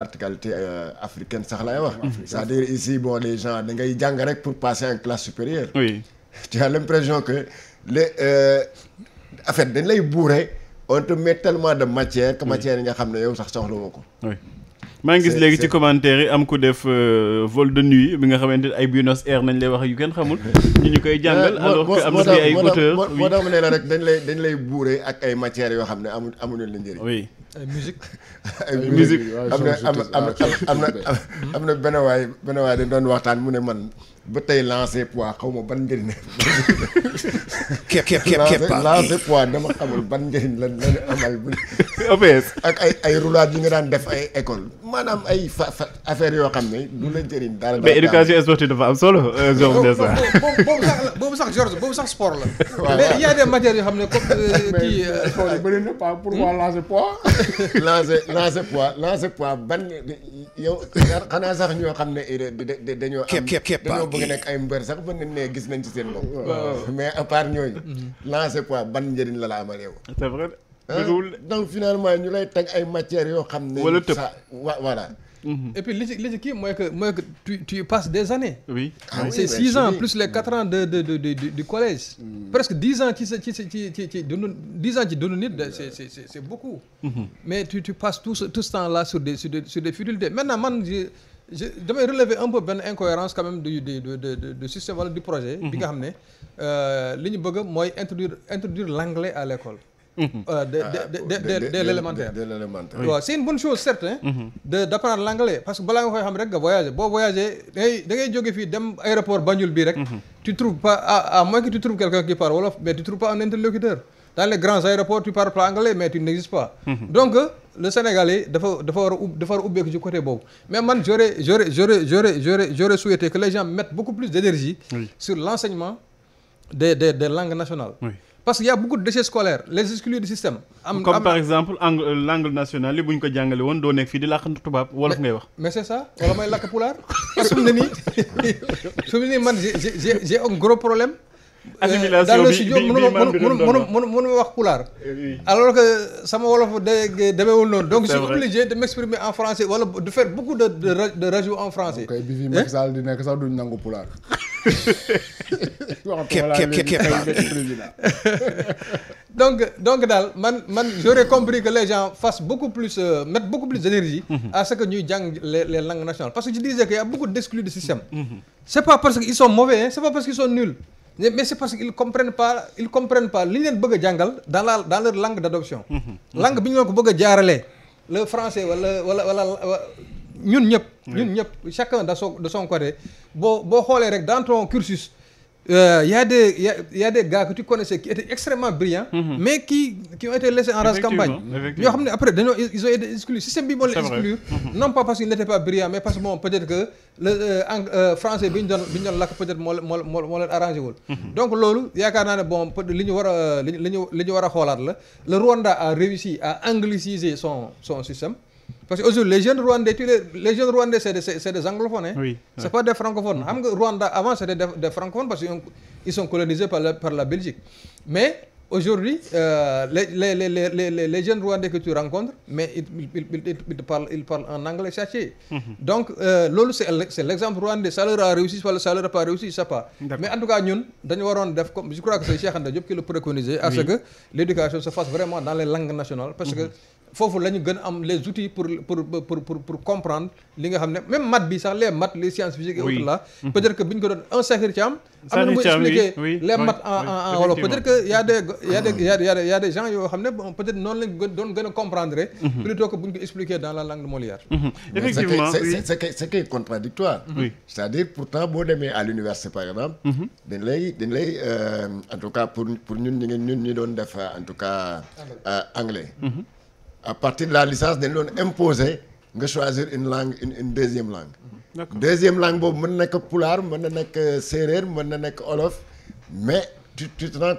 verticalité euh, africaine sax laay wax. c'est-à-dire ici bon les gens da ngay jàng rek pour passer en classe supérieure. oui tu as l'impression que les euh, dañ lay buure on te met tellement de matière que matière yi nga xam ne yow sax soxla woo ko. maa ngi gis léegi ci commentaire yi am ku def euh, vol de nuit bi nga xamante ne ay Buenos Aires nañ lay wax yu kenn xamul. ñu ñu koy jàngal alors que am na fi ay auteurs. moo tax moo tax mu ne la rek dañ lay dañ lay bourrer ak ay matières yoo xam ne amuñu leen njëriñ. oui. ay musique ay musique am na am na am na benn waay benn waay dañ doon waxtaan mu ne man ba tey lancer poids xaw ma ban njëriñ la. képp képp képp képp lancer poids dama xamul ban njëriñ lan lan amal. EPS ak ay ay roulade yi nga daan def ay école maanaam ay fa fa affaire yoo xam ne du la njëriñ. dara mais éducation sportive dafa am solo. Georges euh, Desa boobu sax boobu sax Georges boobu sax sport la. mais y a des matières yoo xam ne comme euh, kii. sport euh, yi bëri na pas pour hmm? moi lancer poids. lancer lancer poids lancer poids ban yow xanaa sax ñoo xam ne eh, dañoo. am dañoo bëgg nekk ay mbër sax mën nañ ne gis nañ ci seen bopp. mais à part ñooñu. Mhm. lancer quoi ban njëriñ la la amal yow. c'est vrai donc finalement ñu lay teg ay matières yoo xam ne. wala tëb sa voilà. Mhm. et puis li ci li ci kii mooy que mooy que tu tu passes des années. oui ah c'est six ans plus les quatre ans de de de de du collège. Mhm. presque dix ans ci sa ci sa ci ci ci dund dix ans ci dund nit c'est c'est c'est beaucoup. mais tu tu passes tout ce tout ce temps là sur des sur des sur des futilités maintenant man. je damay relever un peu benn incohérence quand même du du du du système wala du projet. Mhm. bi nga xam ne euh, li ñu bëgg mooy introduire introduire l'anglais à l'école. Mhm. Euh, de de de de l'élémentaire. de l'élémentaire waaw c'est une bonne chose certain mhm. de d'apprendre l'anglais parce que balaa nga koy xam rek nga voyager boo voyager da ngay da ngay jóge fii dem aéroport Banjul bii rek. tu trouves pas à à moins que tu trouves quelqu'un qui parle wolof mais tu trouves pas un interlocuteur. dans les grands aéroports tu parles pas anglais mais tu n'existes pas. Mhm. donc le Sénégalais dafa dafa war a ub dafa war a ubbeeku ci côté boobu mais man j'aurais j'aurais j'aurais j'aurais j'aurais j'aurais souhaité que les gens mettent beaucoup plus d'énergie sur l'enseignement des des des parce que y' a beaucoup de déchets scolaires les exclus système. comme par exemple euh, langue nationale li bu ñu ko jàngale woon doo nekk fii di làkk tubaab wolof ngay wax. mais c'est ça wala may làkk man j'ai j'ai Euh, assimilation bi bi bi mënu wax pulaar. Eh alors que sama wolof de demeewul noonu. donc je suis obligé de m'exprimer en français wala de faire beaucoup de de de rajout en français. ok bi fi eh? Macky Sall di nekk sax duñ nangu pulaar. képp képp képp donc donc daal man man j'aurais compris que les gens fassent beaucoup plus euh, mettent beaucoup plus d'énergie mm -hmm. à ce que ñuy jàng les les langues nationales parce que je disais qu'il y a beaucoup d'exclus du système mm -hmm. c'est pas parce qu'ils sont mauvais hein, c'est pas parce qu'ils sont nuls mais c'est parce qu'ils comprennent pas ils comprennent pas li ñu leen bëgg a jàngal dans la dans leur langue d'adoption mm-hmm. Mm-hmm. langue bi ñu leen ko bëgg a jaaralee le français wala wala wala ñun ñëpp ñun ñëpp chaque de son de son côté boo boo xoolee rek dans ton cursus Euh, y a des y a, y a des gars que tu connaissais qui étaient extrêmement brillants. Mm-hmm. mais qui qui été laissés en rase campagne. ñoo xam ne après dañoo ils ont été exclus système bi moo leen exclu mm-hmm. non pas parce qu'ils pas brillants mais parce que bon peut-être euh, euh, français bi ñu doon lakk peut moo leen arrangé mm-hmm. donc loolu yaakaar naa ne bon li ñu war a ñu war a xoolaat la le Rwanda a réussi à angliciser son son système. parce que aujourd'hui les jeunes rwandais c'est des anglophones c'est pas des francophones. xam nga Rwanda avant des, des francophones parce que ils sont colonisés par la Belgique mais aujourd'hui euh, les les les jeunes rwandais que tu rencontres mais ils ils en anglais caché. Mhm. donc euh, loolu c'est l'exemple rwandais ça leur wala ça pas réussi je pas. mais en ñun dañu waroon def comme je crois que c'est dans les langues nationales. parce que mhm. foofu la ñu gën am les outils pour pour pour pour pour comprendre li nga xam ne même maths bi sax les maths les sciences physiques et autres là mhm. peut-être que bu ñu ko doon un Sakhir Thiam am na muy expliquer les maths en en wolof peut-être que y a des mhm. y a des y a des y a des gens yoo xam ne bon peut-être noonu lañ gën doon gën a comprendre mhm. plutôt que bu ñu ko expliquer dans la langue de Molière effectivement c'est que contradictoire c'est-à-dire pourtant boo demee à l'université par exemple dañ lay dañ lay euh, en tout cas pour pour ñun ñi ngi ñun ñi doon def en tout cas anglais euh, à partir de la licence dañ loon imposer nga choisir une langue une une deuxième langue. deuxième langue boobu mën na nekk pulaar mën na nekk séeréer mën na nekk olof mais tu tu te rends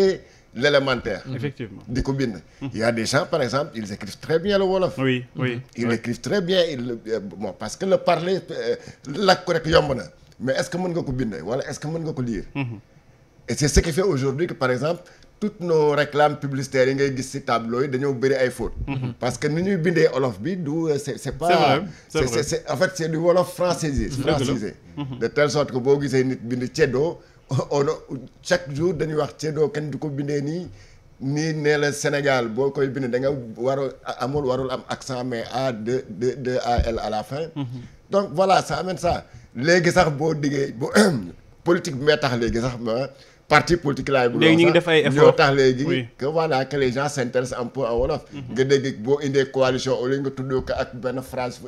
et l'élémentaire. Mm-hmm. Effectivement. di ko bind. il y a des gens par exemple ils écrivent très bien le wolof. oui oui mm-hmm. très bien euh, parce que le parler làkk ko rek yomb na mais est mën nga ko bind wala est mën nga ko lire. Mm-hmm. et c'est ce qui fait aujourd'hui que par exemple toutes nos réclames publicitaires yi ngay gis ci tableau yi dañoo bëri ay parce que ni ñuy bindee olof bi du euh, c'est c'est pas. c'est c'est c'est wolof francisé. francisé de telle sorte que boo gisee nit bind ceddo. on chaque jour dañuy wax Ceddo kenn du ko bindee nii nii nee la Sénégal boo koy bind da nga warul amul warul am accent mais A de de A L à la fin. Mhm. donc voilà sa amène ça léegi sax boo diggee bu politique bi may tax léegi sax ma. parti politique laay bu léegi ñu ngi tax léegi que voilà que les gens s'intéressent un peu à wolof mhm. nga dégg boo indee coalition au nga tuddoo ko ak benn phrase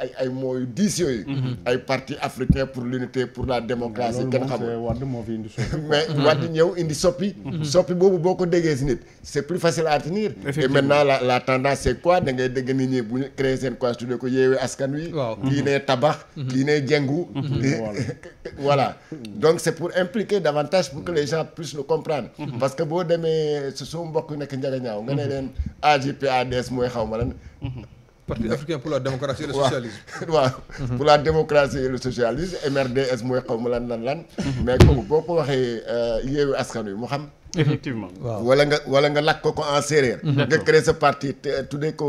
ay ay diis yooyu mhm. Mhm. ay parti africain pour l'unité pour la démocratie kenn xamul Wade moo fi indi soppi mais Wade ñëw indi soppi soppi boobu boo ko déggee si nit c'est plus facile à tenir et maintenant la tendance c'est quoi da dégg nit ñi bu ñu créé seen quoi tuddee ko yeewee askan wi kii nee tabax kii gens puissent nous comprendre. parce que boo demee su suma nekk njagañaaw nga ne leen AJPADS mooy xaw ma lan. parti africain pour la démocratie et le socialisme. waaw pour la démocratie et le socialisme MRDS mooy xaw ma lan lan lan. mais kooku boo ko waxee euh, yeewu askan wi mu xam. effectivement nga wala nga lakk ko en séeréer. nga créer sa parti tuddee ko.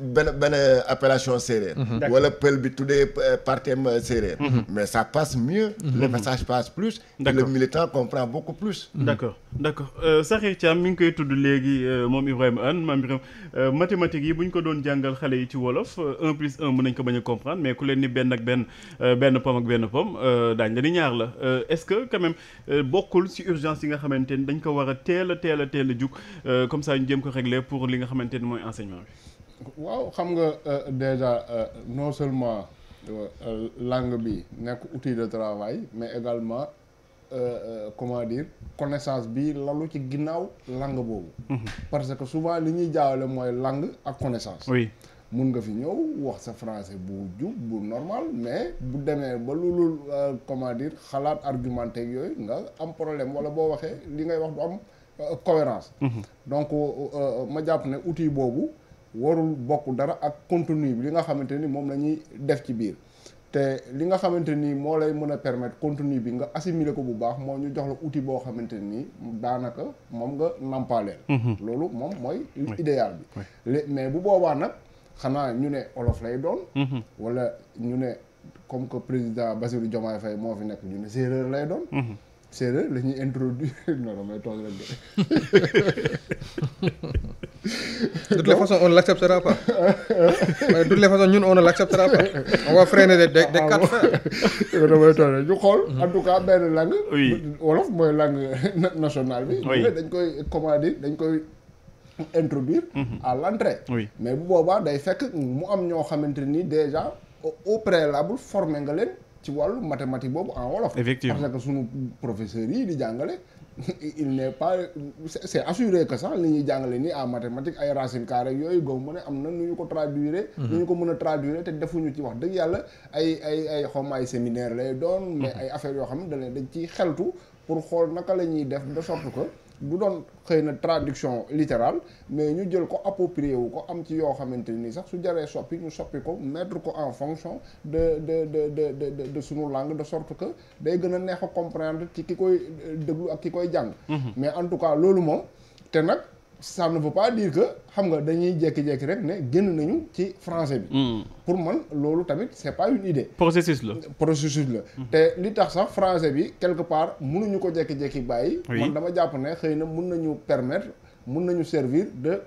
benn benn appellation séeréer. Mhm. wala pël bi tuddee euh, partem euh, séeréer. Mhm. mais ça passe mieux. Mhm. le message passe plus. et le militant comprend beaucoup plus. d' accord d' accord euh, mi ngi koy tudd léegi moom Ibrahima Anne maam Ibrahima mathématiques yi bu ñu ko doon jàngal xale yi ci wolof un plus un mun nañ ko bañ a comprendre mais ku leen ni benn ak benn benn pom ak benn pom daañu la ñaar la est ce que quand même bokkul si urgence yi nga xamante ni dañ ko war a teel a teel a teel a comme ça ñu jëm ko régler pour li nga xamante ni mooy enseignement bi. waaw xam nga euh, déjà euh, non seulement euh, langue bi nekk outil de travail mais également comment dire connaissance bi lalu ci ginnaaw langue boobu. Mhm. parce que souvent li ñuy jaawale mooy langue ak connaissance. mun nga fi ñëw wax sa français bu jub bu normal mais bu demee ba loolu comment dire xalaat argumenté yooyu nga am problème wala boo waxee li ngay wax bu am cohérence mhm. donc ma jàpp ne outil boobu. warul bokk dara ak contenu bi li nga xamante ni moom la ñuy def ci biir te li nga xamante ni moo lay mën a permettre contenu bi nga assimiler ko bu baax moo ñu jox la uti boo xamante nii daanaka moom nga nampaaleel mhm. loolu moom mooy idéal bi mais bu boobaa nag xanaa ñu ne olof lay doon mhm. wala ñu ne comme que président Bassirou Diomaye Faye moo fi nekk ñu ne séeréer lay doon mhm. séeréer la ñuy introduire non non mais toog rek de toutes les façons on ne l'acceptera pas de ñun on ne l'acceptera pas on va freiner des des ah, quatre xool. Mm-hmm. en tout wolof mooy langue national bi. oui dañ koy commander dañ koy. introduire mm-hmm. à l'entrée mais bu boobaa day fekk mu am ñoo xamante ni déjà au préalable formé nga leen ci wàllu mathématique boobu en wolof. effectivement parce que sunu professeurs yi di jàngale il n'est pas c'est assuré que sax li ñuy jàngale ni en mathématique ay racine carrée yooyu gow mu ne am na nu ñu ko traduire mhm. nu ñu ko mën a traduire te defuñu ci wax dëgg yàlla ay ay ay xawma ay séminaire lay doon mais mhm. ay affaires yoo xam ne dañ ciy xeltu pour xool naka la ñuy def de sorte que bu doon xëy na traduction littérale mais ñu jël ko approprié wu ko am ci yoo xamante nii sax su jaree soppi ñu soppi ko mettre ko en fonction de de de de de de sunu langue de sorte que day gën a neex a comprendre ci ki koy déglu ak ki koy jàng mhm. mais en tout cas loolu moom te nag ça ne veut pas dire que xam nga dañuy jékki-jékki rek ne génn nañu ci français bi. Hmm. pour man loolu tamit c' est pas une idée. processus la. processus la hmm. te li tax sax français bi quelque part mënuñu ko jékki-jékki bàyyi. man dama jàpp ne xëy na mun nañu permettre mun nañu servir de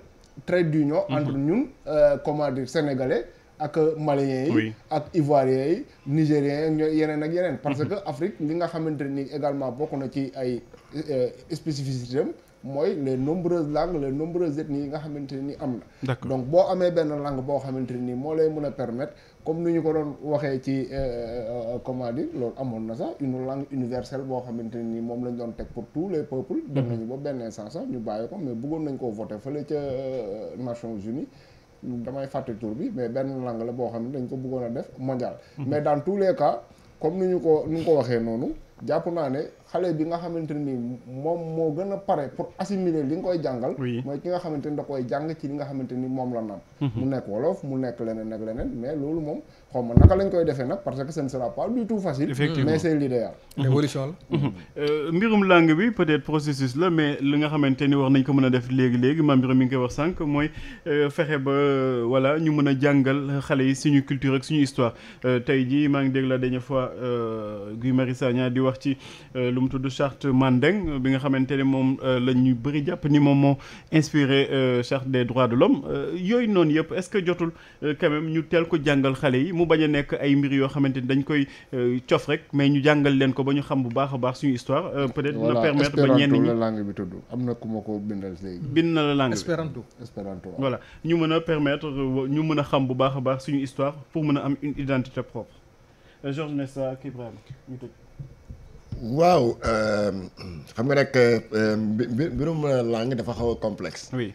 trait d'union hmm. entre ñun euh, comment dire sénégalais. ak maliens yi ak ivoiriens yi nigériens yi yeneen ak yeneen parce que Afrique li nga xamante ni également bokk na ci ay euh, spécificité am mooy les nombreuses langues les nombreuses ethnies yi nga xamante ni am na donc boo amee benn langue boo xamante ni moo lay mën permettre comme ni ñu ko doon waxee ci euh, euh, comment dire loolu amoon na sax une langue universelle boo xamante ni moom lañ doon teg pour tous les peuples mm-hmm. dem nañu ba benn instance sax ñu bàyyi ko mais bëggoon nañ koo voté fële ca euh, Nations Unies damay fàtte tur bi mais benn langue la boo xam ne dañ ko bëggoon a def mondial mm-hmm. mais dans tous les cas comme ni ñu ko ni ñu ko waxee noonu jàpp naa ne xale bi nga xamante ni moom moo gën a pare pour assimiler li nga koy jàngal mooy ki nga xamante ni da koy jàng ci li nga xamante ni moom la nam mhm. mu nekk wolof mu nekk leneen ak leneen mais loolu moom xaw ma naka lañ koy defee nag parce que ce ne sera pas du tout facile. effectivement mais c'est l'idéal. Mmh. Euh, mbirum langue bi peut-être processus la mais li nga xamante ni war nañ ko mën a def léegi léegi maam mbirum mi ngi koy wax sànq mooy euh, fexe ba euh, voilà ñu mën a jàngal xale yi suñu culture ak suñu tey jii maa ngi dégg la dernière fois Guy Marius Sagna di wax ci lu mu tudd charte Mandeng bi nga xamante ne moom la ñu bëri jàpp ni moom moo inspiré charte de droits de l'homme yooyu noonu yëpp est-ce que jotul quand ñu teel ko jàngal xale yi. mu bañ a nekk ay mbir yoo xamante ni dañ koy euh, cof rek mais ñu jàngal leen ko ba ñu xam bu baax a baax suñu histoire euh, peut-être na permettre ba ñenn ñi la langue bi tudd am na ku ma ko bindal léegi bind na la langue espéranto espéranto voilà ñu mën a permettre euh, ñu mën a xam bu baax a baax suñu histoire pour mën a am une identité propre Georges Nessa ak Ibrahima ñu tëj waaw xam nga rek mbirum langue dafa xaw a complexe oui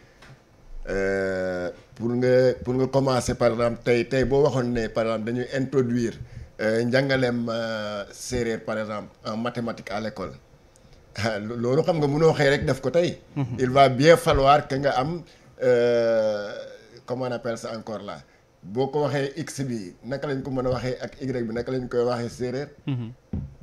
Euh, pour nga pour nga commencer par exemple tey tey boo waxoon ne par exemple dañuy introduire euh, njàngaleem euh, séeréer par exemple en mathématiques à l'école ah, loolu xam nga mënoo xëy rek def ko tey. Mhm. il va bien falloir que nga am comment on appelle ça encore la boo ko waxee x bi naka lañ ko mën a waxee ak y bi naka lañ koy waxee séeréer. Mhm.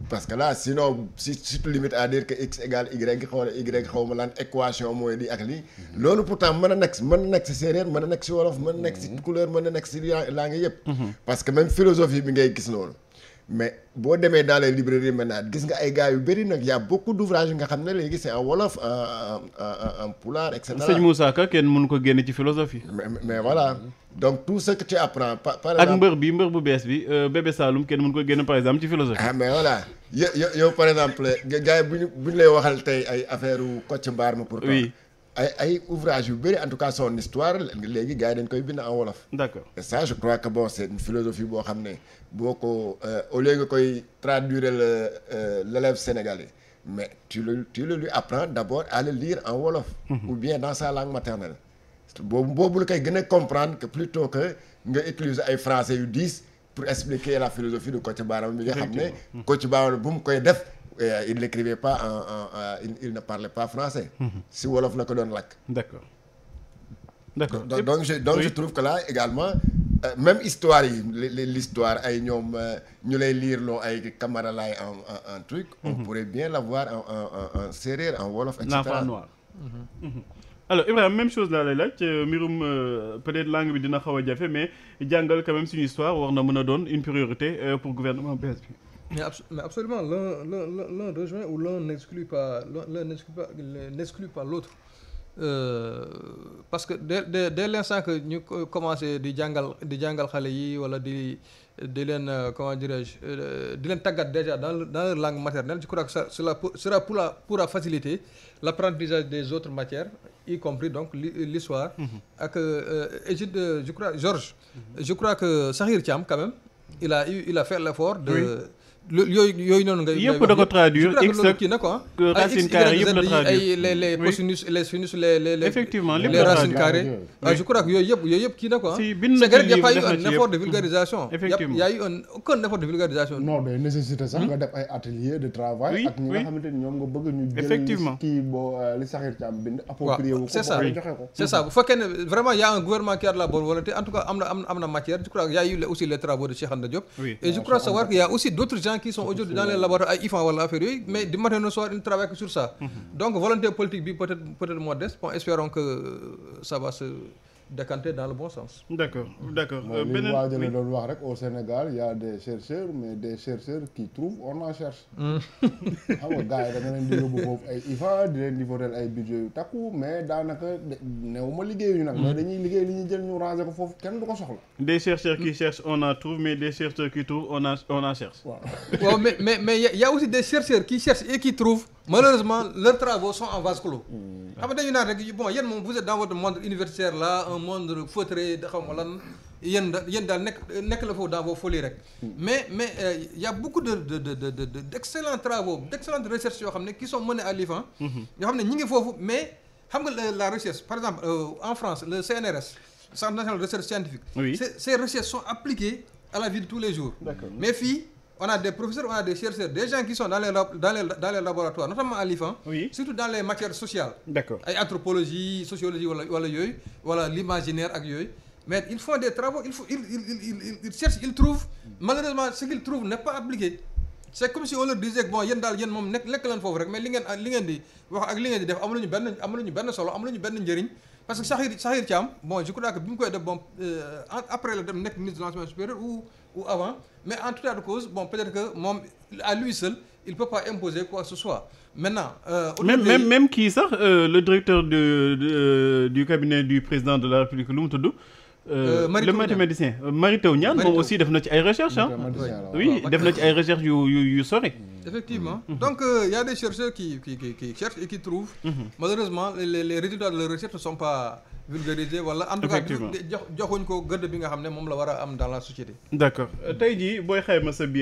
parce que là sinon si tu te limites à dire que x égale y xoola y xaw ma lan équation mooy lii ak lii. Mhm. loolu pourtant mën a nekk mën a nekk si séeréer mën a nekk si wolof mën a nekk si mhm. couleur mën a nekk si langue yëpp. Mhm. parce que même philosophie bi ngay gis noonu. mais boo demee dans les librairies maintenant gis nga ay gars yu bëri nag y' a beaucoup d' nga xam ne léegi c' est en wolof en en en pulaar et kenn mun ko génn ci philosophie. mais mais voilà donc tout ce que tu apprends. par exemple ak mbër bi mbër bu bees bi euh, Bébé Saloum kenn mënu ko génn par exemple ci philosophie. ah mais voilà yo yo yow par exemple gars yi bu ñu bu ñu lay waxal tey ay affaire u baar ma pour. oui ay ay ouvrage yu bëri en tout cas son histoire léegi gars yi koy bind en wolof. d'accord et ça je crois que bon c'est une philosophie boo xam ne boo ko euh, au lieu nga koy traduire le euh, l'élève sénégalais mais tu le tu le lui apprends d'abord à le lire en wolof. Mhm. ou bien dans sa langue maternelle. boobu boobu la koy gën a comprendre que plutôt que nga utiliser ay français yu diis pour expliquer la philosophie de Kocc Barma bi nga xam ne. Kocc Barma bu mu koy def. Euh, il n'écrivait pas en, en, en euh, il ne parlait pas français. Mhm. si wolof la ko doon lakk. d'accord donc je trouve que là également. Euh, même histoire yi l'histoire ay ñoom ñu lay lire loo ay Camara Laye en en en truc. on mm -hmm. pourrait bien l'avoir en en wolof et mhm. Mhm. alors Ibrahima même chose laa lay laaj mbirum peut langue bi dina xaw a jafe mais jàngal quand si suñu histoire war na mën a doon une priorité pour gouvernement bees Mais, abso mais absolument, l'un rejoint ou l'un n'exclut pas l'autre. Euh, parce que de dès, dès l'instant que ñu commencé di jàngal di jàngal xale yi wala di di leen euh, comment dirais-je euh, di leen tàggat déjà dans dans leur langue maternelle je crois que ça cela sera pour la pourra faciliter l'apprentissage des autres matières y compris donc l'histoire mm ak euh, de euh, je crois Georges mm-hmm. je crois que Sahir Thiam quand même il a eu il a fait l'effort yooyu yooyu noonu nga. yëpp da ko traduire ah, x ak racine carrée yëpp la traduire ay les les cosinus les sinus les les les. effectivement lépp la traduire les racines carrées. ah je crois que yooyu yëpp yooyu yëpp kii na quoi. si bind na ci livre def na ci yëpp c'est vrai qu'il y a pas eu un effort de vulgarisation. effectivement y a eu un aucun effort de vulgarisation. non mais nécessité sax hmm? nga def ay atelier de travail. ak ñi nga xamante ni ñoom nga bëgg ñu. effectivement jël kii boo euh, li Sakhir Thiam bind. approprié wu ko joxe ko. c'est ça bu fekkee ne vraiment y a un gouvernement qui a de la bonne volonté en tout cas am na am na matière je crois y a eu aussi les travaux de Cheikh Anta Diop. et je ah, crois savoir qu'il y a aussi d'autres gens gens qui sont aujourd'hui dans les laboratoires ay IFAN wala affaire yooyu mais du matin au soir ils travaillent sur ça. Mhm. donc volonté politique bi peut-être peut-être modeste bon espérons que euh, ça va se. décanté dans le bon sens. d' accord mmh. d' accord euh, beneen waa jële doon wax rek au Sénégal y' a des chercheurs mais des chercheurs qui trouvent on en cherche. Mmh. xam nga gars yi da nga leen di yóbbu foofu ay IFA di leen di voter ay budget yu takku mais daanaka néew ma liggéeyuñu nag. mais mmh. dañuy liggéey li ñuy jël ñu ranger ko foofu kenn du ko soxla. des chercheurs qui cherchent on en trouve mais des chercheurs qui trouvent on en on en cherche. waaw mais mais mais y' a aussi des chercheurs qui cherchent et qui trouvent malheureusement leurs travaux sont en vase clos. xam nga dañu naan rek bon moom vous dans votre monde universitaire là un monde feutré da xaw lan yéen daal nekk nekk la foofu dans vos folies rek mais mais euh, y a beaucoup de de de de d' excellents de d' excellentes recherches yoo xam ne qui sont menées à l'IFAN yoo xam ne ñi foofu mais xam nga la recherche par exemple euh, en France le CNRS Centre national de recherche ces recherches sont appliquées à la vie de tous les jours mais fii on a des professeurs, on a des chercheurs, des gens qui sont dans les, dans les, dans les laboratoires, notamment à l'IFAN, oui. surtout dans les matières ay anthropologie, sociologie wala yooyu wala l'imaginaire ak yooyu mais ils font des travaux il faut ils ils ils cherchent ils malheureusement ce qu'ils trouvent n'est pas appliqué c'est comme si on leur disait bon yéen daal yéen moom nekk lekk leen foofu rek mais li ngeen di wax ak li ngeen di def amuluñu benn benn solo amuluñu benn njëriñ ou avant mais en tout cas de cause bon peut-être que moom à lui seul il peut pas imposer quoi que ce soit maintenant. Euh, même même même kii sax euh, le directeur de, de euh, du cabinet du président de la République lu mu tudd. Euh, euh le mathématicien euh, Mary Teuw Niane moom aussi def na ci ay recherches ah. oui def na ci ay recherches yu yu yu sori. Mm-hmm. Effectivement. Mmh. Donc, il euh, y a des chercheurs qui, qui, qui, qui cherchent et qui trouvent. Mmh. Malheureusement, les, les, résultats de leurs recherches ne pas vulgarisés. Voilà. En tout joxuñ ko gëdd bi nga xam ne moom la war a am dans la société. D'accord. Euh, tey jii booy xayma sa bien.